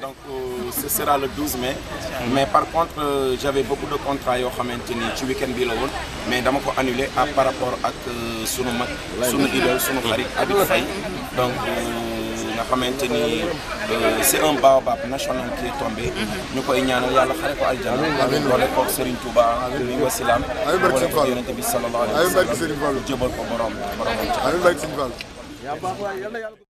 donc euh, ce sera le 12 mai mais par contre euh, j'avais beaucoup de contrats à ce week-end mais dama annulé par rapport à euh, donc c'est un baobab national qui est tombé nous koy ñaanal un